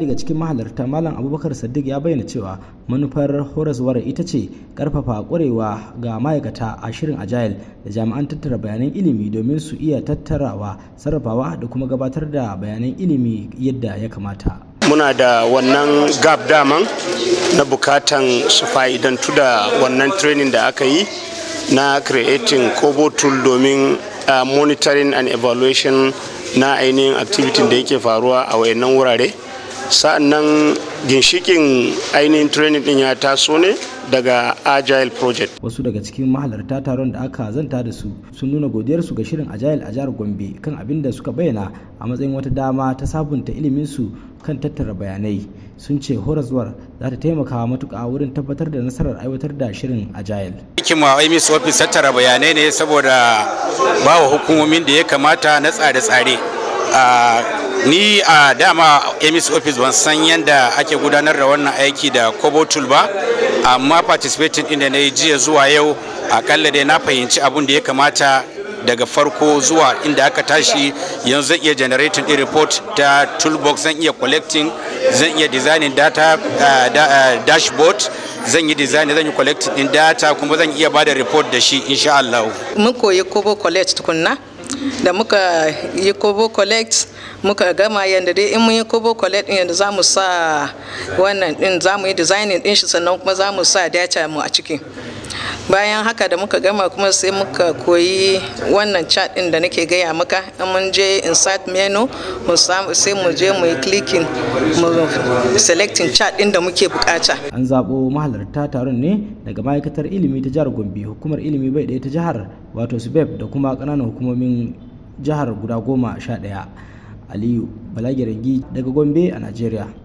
daga cikin mahalarta malam abubakar sadiq ya bayyana cewa manufar horaswar ita ce karfafa kwarewa ga ma'aikata a shirin agile da jami'an tattara bayanan ilimi domin su iya tattarawa sarrafawa da kuma gabatar da bayanan ilimi yadda ya kamata muna da wannan gap dama na bukatan su fa'idantu da wannan training da aka yi na creating kobo tool domin uh, monitoring and evaluation na ainihin activity da yake faruwa a wayannan wurare sa'an nan ginshikin ainihin training din ya taso ne daga agile project wasu daga cikin mahalarta taron da aka zanta da su sun nuna godiyarsu ga shirin agile a jihar gombe kan abin da suka bayyana a matsayin wata dama ta sabunta iliminsu kan tattara bayanai sun ce horaswar za ta taimaka matuƙa wurin tabbatar da nasarar aiwatar da shirin agile hikima imis office tattara bayanai ne saboda ba wa hukumomin da ya kamata na tsare-tsare ah, ni a dama emis office ban san yadda ake gudanar da wannan aiki da kobotul ba amma participating inda na yi jiya zuwa yau akalla dai na fahimci abin da ya kamata daga farko zuwa inda aka tashi yanzu zan iya generating a report ta toolbox zan iya collecting zan iya designing data uh, da, uh, dashboard zan yi design zan yi collecting data kuma zan iya bada report da shi insha mun koyi kobo collect tukunna da muka yi kobo collect muka gama yadda dai in mun yi kobo collect din yadda za mu sa wannan din za mu yi designing din shi sannan kuma za mu sa data mu a ciki bayan haka da muka gama kuma sai muka koyi wannan chat din da nake gaya maka in mun je insert menu mu sai mu je mu yi clicking mu selecting chat din da muke bukata an zabo mahalarta taron ne daga ma'aikatar ilimi ta jihar Gombe hukumar ilimi bai ɗaya ta jihar wato SBEB da kuma ƙananan hukumomin jihar guda goma sha ɗaya Aliyu Balagirangi daga Gombe a Najeriya